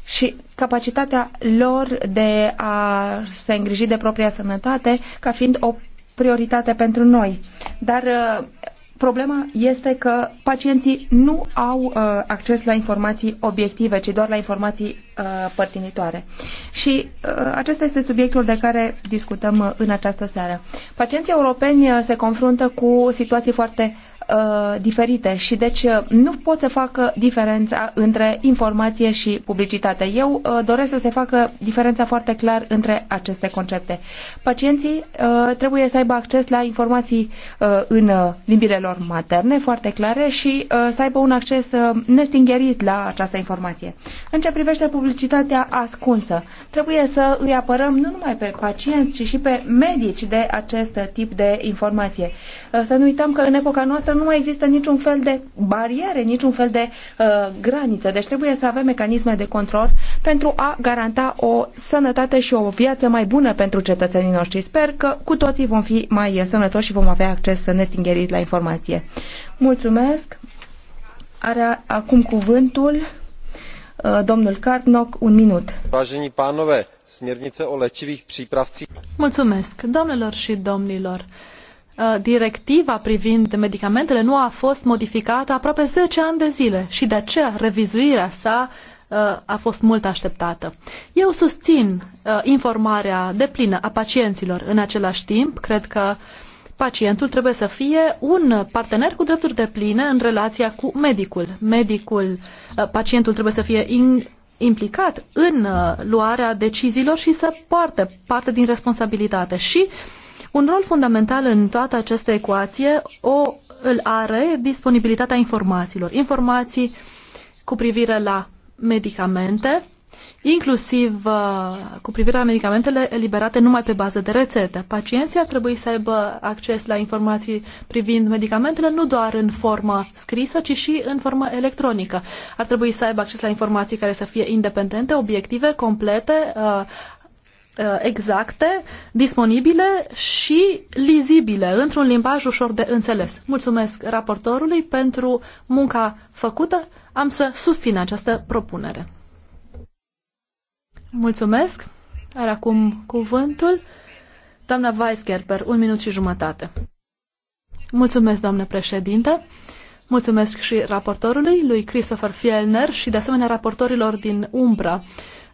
și capacitatea lor de a se îngriji de propria sănătate ca fiind o prioritate pentru noi. Dar problema este că pacienții nu au uh, acces la informații obiective, ci doar la informații uh, părtinitoare. Și uh, acesta este subiectul de care discutăm uh, în această seară. Pacienții europeni uh, se confruntă cu situații foarte Uh, diferite și deci uh, nu pot să facă diferența între informație și publicitate. Eu uh, doresc să se facă diferența foarte clar între aceste concepte. Pacienții trebuie să aibă acces la informații în limbile lor materne foarte clare și să aibă un acces nestingerit nestingherit la această informație. În ce privește publicitatea ascunsă, trebuie să îi apărăm nu numai pe pacienți, ci și pe medici de acest tip de informație. să nu uităm că în epoca noastră nu mai există niciun fel de bariere, niciun fel de uh, graniță. Deci trebuie să avem mecanisme de control pentru a garanta o sănătate și o viață mai bună pentru cetățenii noștri. Sper că cu toții vom fi mai sănătoși și vom avea acces nestingerit la informație. Mulțumesc! Are acum cuvântul uh, domnul Carnock, un minut. Vajenii panove, smirnițe o léčivých Mulțumesc, domnilor și domnilor. Uh, directiva privind medicamentele nu a fost modificată aproape 10 ani de zile și de aceea revizuirea sa uh, a fost mult așteptată. Eu susțin uh, informarea deplină a pacienților în același timp. Cred că pacientul trebuie să fie un partener cu drepturi pline în relația cu medicul. Medicul, pacientul trebuie să fie in, implicat în luarea deciziilor și să poarte parte din responsabilitate. Și uh, un rol fundamental în toată această ecuație o îl are disponibilitatea informațiilor. Informații cu privire la medicamente, inclusiv uh, cu privire la medicamentele eliberate numai pe bază de rețetă. Pacienții ar trebui să aibă acces la informații privind medicamentele nu doar în formă scrisă, ci și în formă electronică. Ar trebui să aibă acces la informații care să fie independente, obiective, complete, uh, Uh, exacte, disponibile și lizibile, într-un limbaj ușor de înțeles. Mulțumesc raportorului pentru munca făcută. Am să susțin această propunere. Mulțumesc. Are acum cuvântul doamna Weisgerber, un minut și jumătate. Mulțumesc, doamnă președinte. Mulțumesc și raportorului, lui Christopher Fielner și de asemenea raportorilor din Umbra.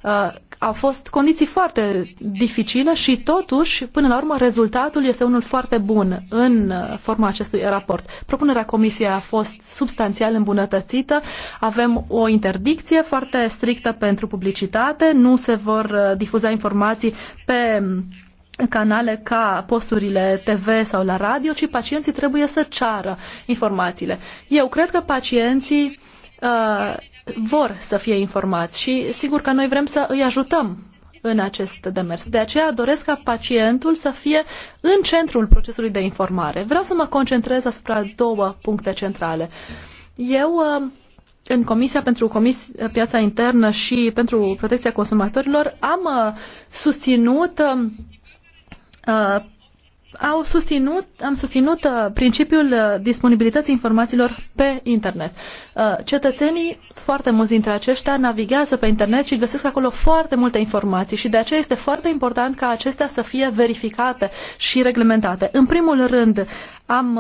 Uh, au fost condiții foarte dificile și totuși, până la urmă, rezultatul este unul foarte bun în uh, forma acestui raport. Propunerea comisiei a fost substanțial îmbunătățită. Avem o interdicție foarte strictă pentru publicitate. Nu se vor uh, difuza informații pe um, canale ca posturile TV sau la radio, ci pacienții trebuie să ceară informațiile. Eu cred că pacienții uh, vor să fie informați și sigur că noi vrem să îi ajutăm în acest demers. De aceea doresc ca pacientul să fie în centrul procesului de informare. Vreau să mă concentrez asupra două puncte centrale. Eu în Comisia pentru Comis Piața Internă și pentru Protecția Consumatorilor am uh, susținut um, uh, au susținut, am susținut uh, principiul uh, disponibilității informațiilor pe internet. Uh, cetățenii, foarte mulți dintre aceștia, navigează pe internet și găsesc acolo foarte multe informații și de aceea este foarte important ca acestea să fie verificate și reglementate. În primul rând, am,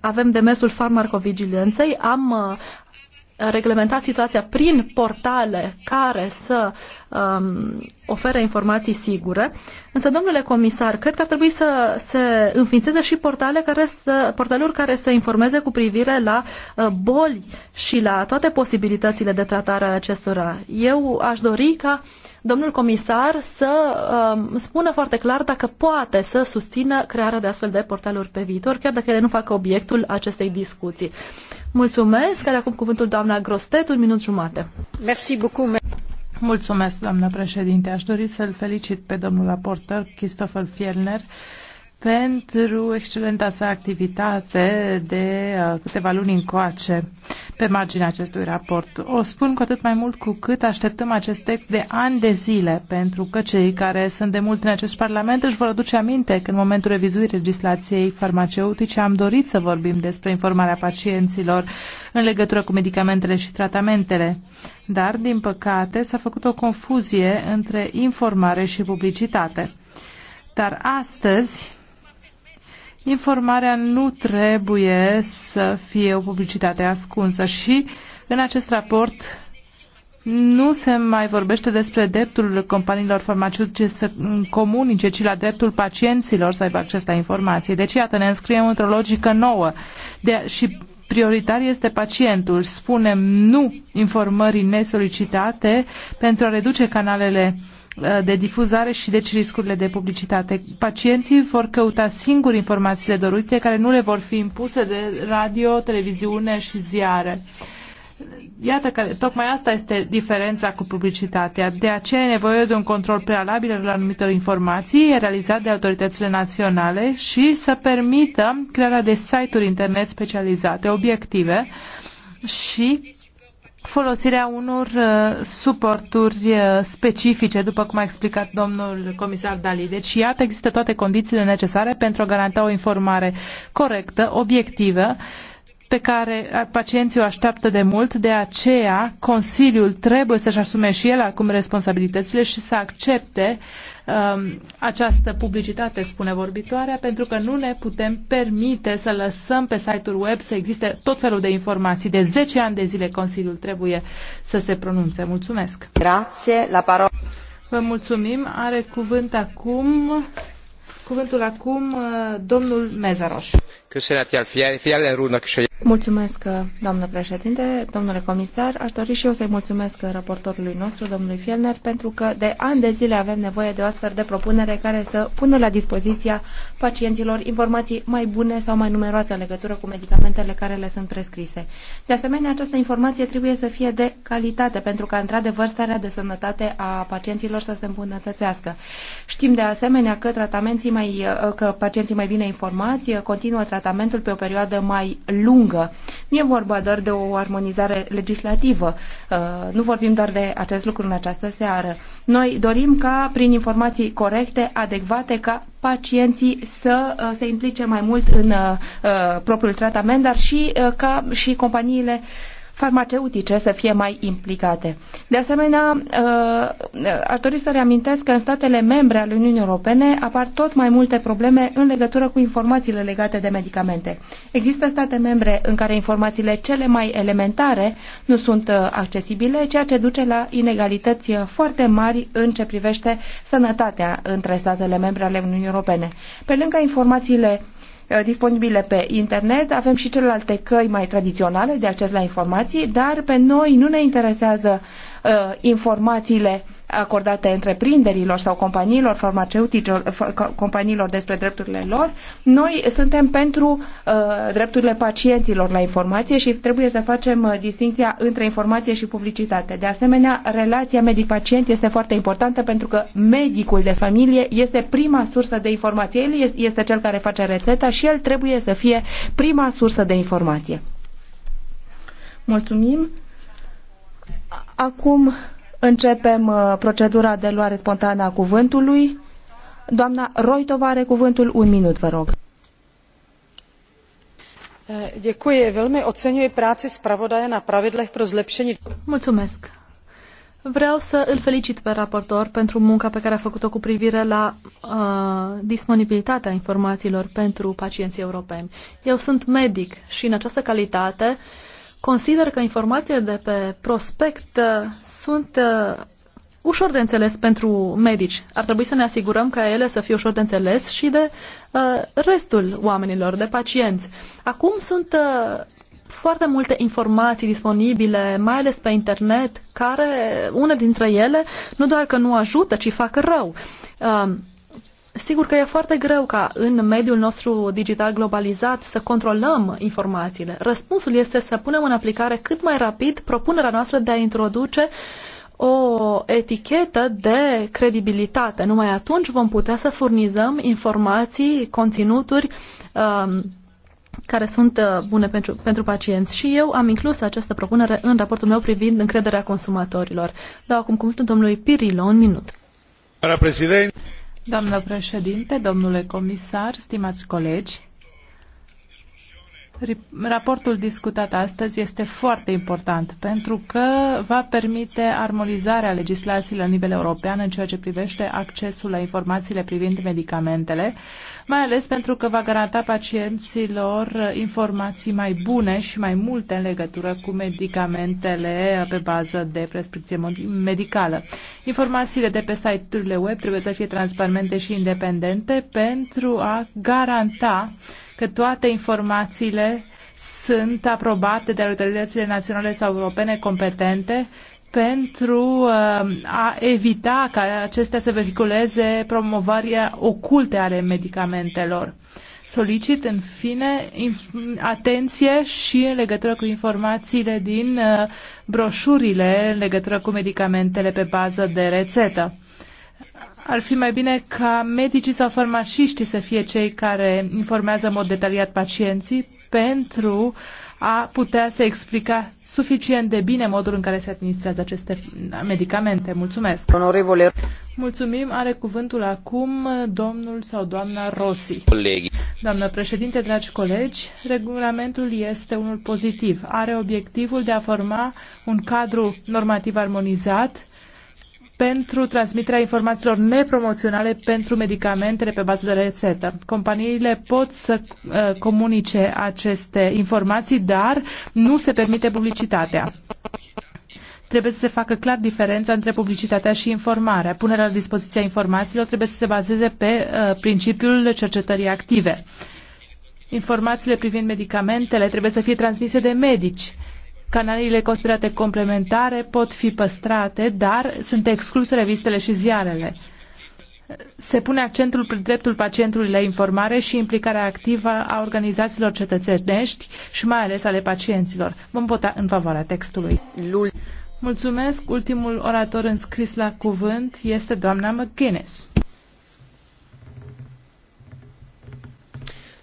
avem demersul farmacovigilenței, am reglementat situația prin portale care să uh, um, ofere informații sigure. Însă, domnule comisar, cred că ar trebui să se înființeze și portale care să, portaluri care să informeze cu privire la uh, boli și la toate posibilitățile de tratare a acestora. Eu aș dori ca domnul comisar să um, spună foarte clar dacă poate să susțină crearea de astfel de portaluri pe viitor, chiar dacă ele nu fac obiectul acestei discuții. Mulțumesc. Care acum cuvântul doamna Grostet, un minut jumate. Merci beaucoup. Mulțumesc, doamnă președinte. Aș dori să-l felicit pe domnul raportor Christopher Fielner pentru excelenta sa activitate de uh, câteva luni încoace pe marginea acestui raport. O spun cu atât mai mult cu cât așteptăm acest text de ani de zile, pentru că cei care sunt de mult în acest Parlament își vor aduce aminte că în momentul revizuirii legislației farmaceutice am dorit să vorbim despre informarea pacienților în legătură cu medicamentele și tratamentele. Dar, din păcate, s-a făcut o confuzie între informare și publicitate. Dar astăzi, informarea nu trebuie să fie o publicitate ascunsă și în acest raport nu se mai vorbește despre dreptul companiilor farmaceutice să comunice, ci la dreptul pacienților să aibă acces la informații. Deci, iată, ne înscriem într-o logică nouă de, și prioritar este pacientul. Spunem nu informării nesolicitate pentru a reduce canalele uh, Eh, de difuzare și deci riscurile de publicitate. Pacienții vor căuta singuri informațiile dorite care nu le vor fi impuse de radio, televiziune și ziare. Iată că tocmai asta este diferența cu publicitatea. De aceea e nevoie de un control prealabil al anumitor informații realizat de autoritățile naționale și să permită crearea de site-uri internet specializate, obiective și folosirea unor uh, suporturi uh, specifice, după cum a explicat domnul comisar Dali. Deci, iată, există toate condițiile necesare pentru a garanta o informare corectă, obiectivă, pe care pacienții o așteaptă de mult, de aceea Consiliul trebuie să-și asume și el acum responsabilitățile și să accepte uh, Um, această publicitate, spune vorbitoarea, pentru că nu ne putem permite să lăsăm pe site uri web să existe tot felul de informații. De 10 ani de zile Consiliul trebuie să se pronunțe. Mulțumesc! Grație, la parola. Vă mulțumim. Are cuvânt acum, cuvântul acum uh, domnul Mezaroș. Mulțumesc, doamnă președinte, domnule comisar. Aș dori și eu să-i mulțumesc raportorului nostru, domnului Fielner, pentru că de ani de zile avem nevoie de o astfel de propunere care să pună la dispoziția pacienților informații mai bune sau mai numeroase în legătură cu medicamentele care le sunt prescrise. De asemenea, această informație trebuie să fie de calitate, pentru ca, într-adevăr, starea de sănătate a pacienților să se îmbunătățească. Știm, de asemenea, că, tratamenții mai, că pacienții mai bine informați continuă tratamentul tratamentul pe o perioadă mai lungă. Nu e vorba doar de o armonizare legislativă. Uh, nu vorbim doar de acest lucru în această seară. Noi dorim ca, prin informații corecte, adecvate, ca pacienții să uh, se implice mai mult în uh, propriul tratament, dar și ca și companiile farmaceutice să fie mai implicate. De asemenea, uh, aș dori să reamintesc că în statele membre ale Uniunii Europene apar tot mai multe probleme în legătură cu informațiile legate de medicamente. Există state membre în care informațiile cele mai elementare nu sunt uh, accesibile, ceea ce duce la inegalități uh, foarte mari în ce privește sănătatea între statele membre ale Uniunii Europene. Pe lângă informațiile Uh, disponibile pe internet, avem și celelalte căi mai tradiționale de acces la informații, dar pe noi nu ne interesează uh, informațiile acordate întreprinderilor sau companiilor farmaceutice, companiilor despre drepturile lor, noi suntem pentru uh, drepturile pacienților la informație și trebuie să facem uh, distinția între informație și publicitate. De asemenea, relația medic-pacient este foarte importantă pentru că medicul de familie este prima sursă de informație. El este cel care face rețeta și el trebuie să fie prima sursă de informație. Mulțumim. Acum Începem uh, procedura de luare spontană a cuvântului. Doamna Roitova are cuvântul un minut, vă rog. Eh, děkuji. Velmi oceňuji práci zpravodaje na pravidlech pro zlepšení. Mulțumesc. Vreau să îl felicit pe raportor pentru munca pe care a făcut-o cu privire la uh, disponibilitatea informațiilor pentru pacienții europeni. Eu sunt medic și în această calitate uh, Consider că informațiile de pe prospect uh, sunt uh, ușor de înțeles pentru medici. Ar trebui să ne asigurăm ca ele să fie ușor de înțeles și de uh, restul oamenilor, de pacienți. Acum sunt foarte multe informații disponibile, mai ales pe internet, care, una dintre ele, nu doar că nu ajută, ci fac rău. Uh, Sigur că e foarte greu ca în mediul nostru digital globalizat să controlăm informațiile. Răspunsul este să punem în aplicare cât mai rapid propunerea noastră de a introduce o etichetă de credibilitate. Numai atunci vom putea să furnizăm informații, conținuturi um, care sunt uh, bune pentru, pentru pacienți. Și eu am inclus această propunere în raportul meu privind încrederea consumatorilor. Dau acum cuvântul domnului Pirilo, un minut. Președinte. Doamnă președinte, domnule comisar, stimați colegi, Raportul discutat astăzi este foarte important pentru că va permite armonizarea legislației la nivel european în ceea ce privește accesul la informațiile privind medicamentele, mai ales pentru că va garanta pacienților informații mai bune și mai multe în legătură cu medicamentele pe bază de prescripție medicală. Informațiile de pe site-urile web trebuie să fie transparente și independente pentru a garanta că toate informațiile sunt aprobate de autoritățile naționale sau europene competente pentru uh, a evita ca acestea să vehiculeze promovarea oculte ale medicamentelor. Solicit, în fine, atenție și în legătură cu informațiile din uh, broșurile în legătură cu medicamentele pe bază de rețetă ar fi mai bine ca medicii sau farmaciștii să fie cei care informează în mod detaliat pacienții pentru a putea să explica suficient de bine modul în care se administrează aceste medicamente. Mulțumesc! Onorevole. Mulțumim! Are cuvântul acum domnul sau doamna Rossi. Colegi. Doamnă președinte, dragi colegi, regulamentul este unul pozitiv. Are obiectivul de a forma un cadru normativ armonizat pentru transmiterea informațiilor nepromoționale pentru medicamentele pe bază de rețetă. Companiile pot să uh, comunice aceste informații, dar nu se permite publicitatea trebuie să se facă clar diferența între publicitatea și informarea. Punerea la dispoziția informațiilor trebuie să se bazeze pe uh, principiul cercetării active. Informațiile privind medicamentele trebuie să fie transmise de medici Canalele considerate complementare pot fi păstrate, dar sunt excluse revistele și ziarele. Se pune accentul pe dreptul pacientului la informare și implicarea activă a organizațiilor cetățenești și mai ales ale pacienților. Vom vota în favoarea textului. Mulțumesc. Ultimul orator înscris la cuvânt este doamna McGuinness.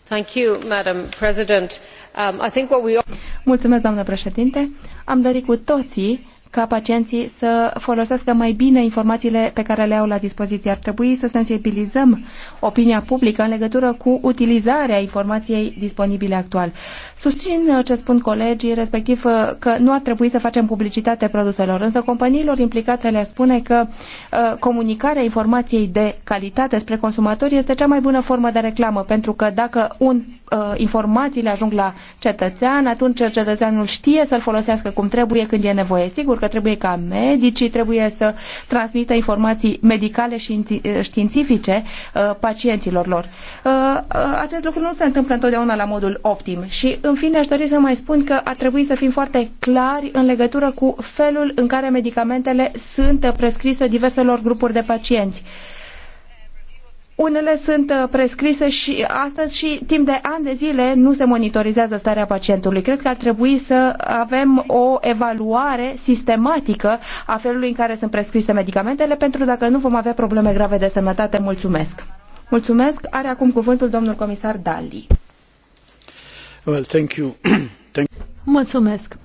Thank you, Madam President. Um, Mulțumesc, doamnă președinte. Am dorit cu toții ca pacienții să folosească mai bine informațiile pe care le au la dispoziție. Ar trebui să sensibilizăm opinia publică în legătură cu utilizarea informației disponibile actual. Susțin ce spun colegii, respectiv uh, că nu ar trebui să facem publicitate produselor, însă companiilor implicate le spune că uh, comunicarea informației de calitate spre consumatori este cea mai bună formă de reclamă, pentru că dacă un, uh, informațiile ajung la cetățean, atunci cetățeanul știe să-l folosească cum trebuie când e nevoie. Sigur, că trebuie ca medicii trebuie să transmită informații medicale și științifice uh, pacienților lor. Uh, uh, acest lucru nu se întâmplă întotdeauna la modul optim și în fine aș dori să mai spun că ar trebui să fim foarte clari în legătură cu felul în care medicamentele sunt prescrise diverselor grupuri de pacienți. Unele sunt uh, prescrise și astăzi și timp de ani de zile nu se monitorizează starea pacientului. Cred că ar trebui să avem o evaluare sistematică a felului în care sunt prescrise medicamentele pentru dacă nu vom avea probleme grave de sănătate. Mulțumesc! Mulțumesc! Are acum cuvântul domnul comisar Dali. Well, thank you. thank you. Mulțumesc!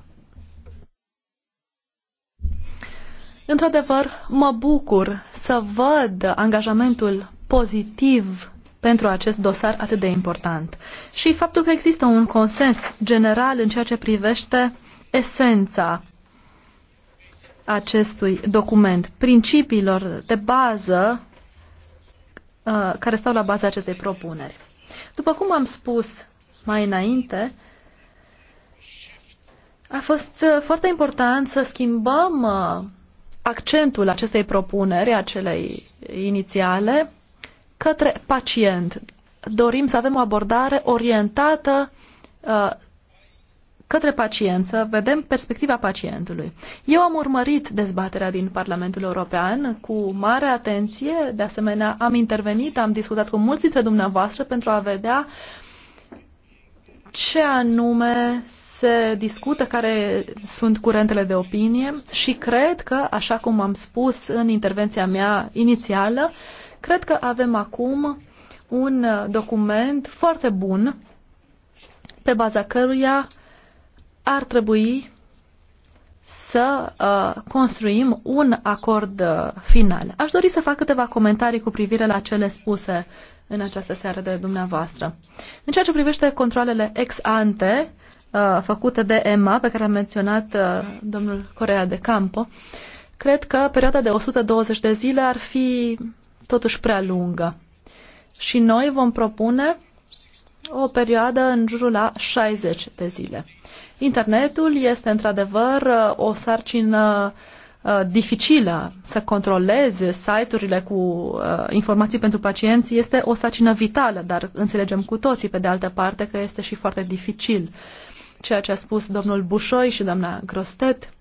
Într-adevăr, mă bucur să văd angajamentul pozitiv pentru acest dosar atât de important. Și faptul că există un consens general în ceea ce privește esența acestui document, principiilor de bază uh, care stau la baza acestei propuneri. După cum am spus mai înainte, a fost uh, foarte important să schimbăm uh, accentul acestei propuneri, acelei inițiale, către pacient. Dorim să avem o abordare orientată uh, către pacient, să vedem perspectiva pacientului. Eu am urmărit dezbaterea din Parlamentul European cu mare atenție, de asemenea am intervenit, am discutat cu mulți dintre dumneavoastră pentru a vedea ce anume se discută, care sunt curentele de opinie și cred că, așa cum am spus în intervenția mea inițială, uh, Cred că avem acum un uh, document foarte bun pe baza căruia ar trebui să uh, construim un acord uh, final. Aș dori să fac câteva comentarii cu privire la cele spuse în această seară de dumneavoastră. În ceea ce privește controlele ex ante uh, făcute de EMA, pe care a menționat uh, domnul Corea de Campo, cred că perioada de 120 de zile ar fi totuși prea lungă. Și noi vom propune o perioadă în jurul a 60 de zile. Internetul este într-adevăr o sarcină uh, dificilă să controleze site-urile cu uh, informații pentru pacienți este o sarcină vitală, dar înțelegem cu toții, pe de altă parte, că este și foarte dificil. Ceea ce a spus domnul Bușoi și doamna Grostet,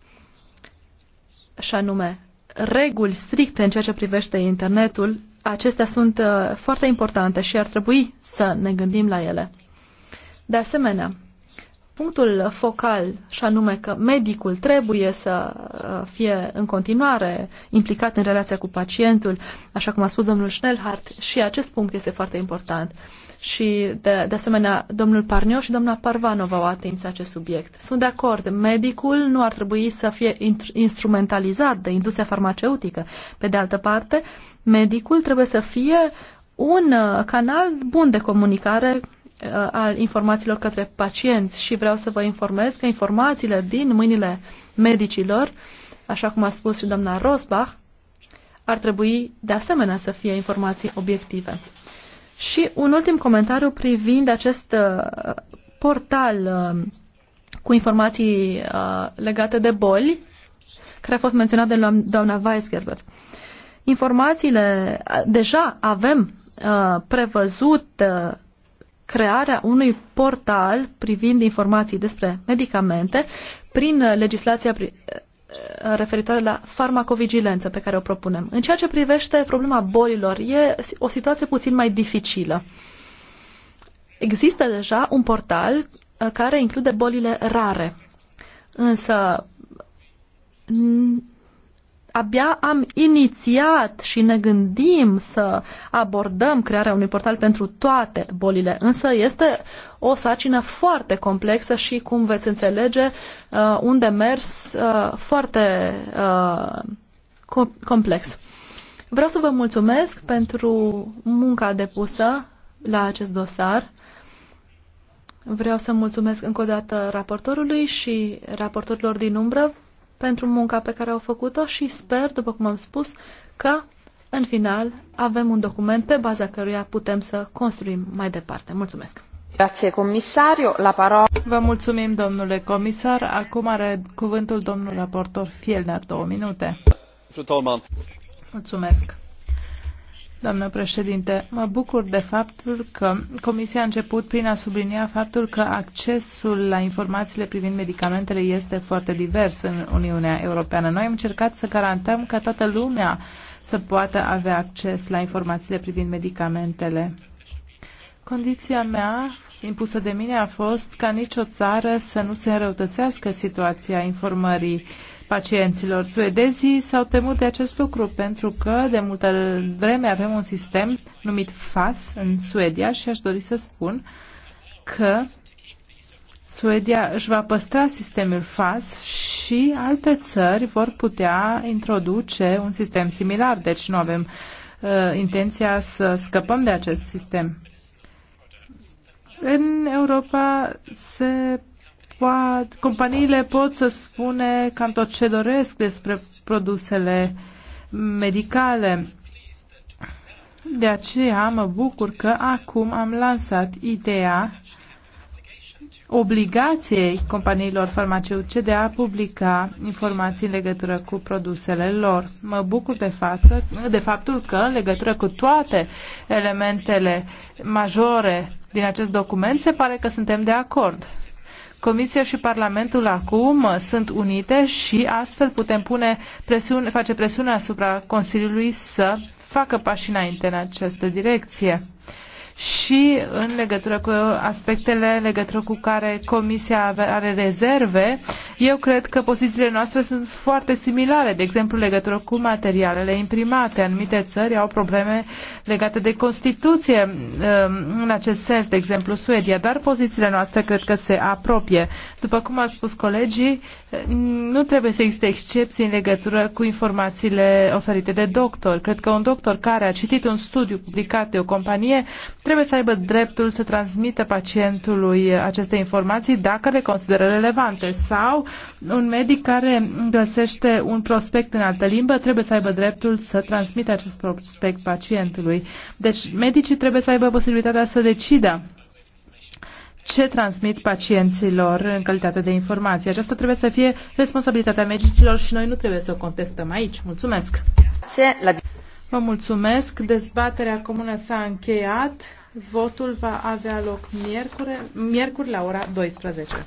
și anume reguli stricte în ceea ce privește internetul, acestea sunt uh, foarte importante și ar trebui să ne gândim la ele. De asemenea, punctul focal, și anume că medicul trebuie să uh, fie în continuare implicat în relația cu pacientul, așa cum a spus domnul Schnellhardt, și acest punct este foarte important și, de, de asemenea, domnul Parnio și doamna Parvanov au atins acest subiect. Sunt de acord, medicul nu ar trebui să fie instrumentalizat de industria farmaceutică. Pe de altă parte, medicul trebuie să fie un uh, canal bun de comunicare uh, al informațiilor către pacienți și vreau să vă informez că informațiile din mâinile medicilor, așa cum a spus și doamna Rosbach, ar trebui de asemenea să fie informații obiective. Și un ultim comentariu privind acest uh, portal uh, cu informații uh, legate de boli, care a fost menționat de doamna Weisgerber. Informațiile, deja avem prevăzut crearea unui portal privind informații despre medicamente prin legislația Uh, referitoare la farmacovigilență pe care o propunem. În ceea ce privește problema bolilor, e o situație puțin mai dificilă. Există deja un portal uh, care include bolile rare, însă abia am inițiat și ne gândim să abordăm crearea unui portal pentru toate bolile, însă este o sarcină foarte complexă și, cum veți înțelege, uh, un demers uh, foarte uh, complex. Vreau să vă mulțumesc pentru munca depusă la acest dosar. Vreau să mulțumesc încă o dată raportorului și raportorilor din umbră pentru munca pe care au făcut-o și sper, după cum am spus, că în final avem un document pe baza căruia putem să construim mai departe. Mulțumesc! Grazie, comisario. La parola... Vă mulțumim, domnule comisar. Acum are cuvântul domnul raportor Fielner, două minute. Mulțumesc doamnă președinte. Mă bucur de faptul că Comisia a început prin a sublinia faptul că accesul la informațiile privind medicamentele este foarte divers în Uniunea Europeană. Noi am încercat să garantăm că toată lumea să poată avea acces la informațiile privind medicamentele. Condiția mea impusă de mine a fost ca nicio țară să nu se înrăutățească situația informării uh, pacienților. Suedezii s-au temut de acest lucru pentru că de multă vreme avem un sistem numit FAS în Suedia și aș dori să spun că Suedia își va păstra sistemul FAS și alte țări vor putea introduce un sistem similar. Deci nu avem uh, intenția să scăpăm de acest sistem. În Europa se poat, companiile pot să spune cam tot ce doresc despre produsele medicale. De aceea mă bucur că acum am lansat ideea obligației companiilor farmaceutice de a publica informații în legătură cu produsele lor. Mă bucur de, față, de faptul că, în legătură cu toate elementele majore din acest document, se pare că suntem de acord. Comisia și Parlamentul acum sunt unite și astfel putem pune presiune, face presiune asupra Consiliului să facă pași înainte în această direcție și în legătură cu aspectele în legătură cu care Comisia are rezerve, eu cred că pozițiile noastre sunt foarte similare, de exemplu legătură cu materialele imprimate. Anumite țări au probleme legate de Constituție um, în acest sens, de exemplu Suedia, dar pozițiile noastre cred că se apropie. După cum au spus colegii, nu trebuie să existe excepții în legătură cu informațiile oferite de doctor. Cred că un doctor care a citit un studiu publicat de o companie trebuie să aibă dreptul să transmită pacientului aceste informații dacă le consideră relevante sau un medic care găsește un prospect în altă limbă trebuie să aibă dreptul să transmită acest prospect pacientului. Deci medicii trebuie să aibă posibilitatea să decidă ce transmit pacienților în calitate de informație. Aceasta trebuie să fie responsabilitatea medicilor și noi nu trebuie să o contestăm aici. Mulțumesc! Vă mulțumesc. Dezbaterea comună s-a încheiat. Votul va avea loc miercuri, miercuri la ora 12.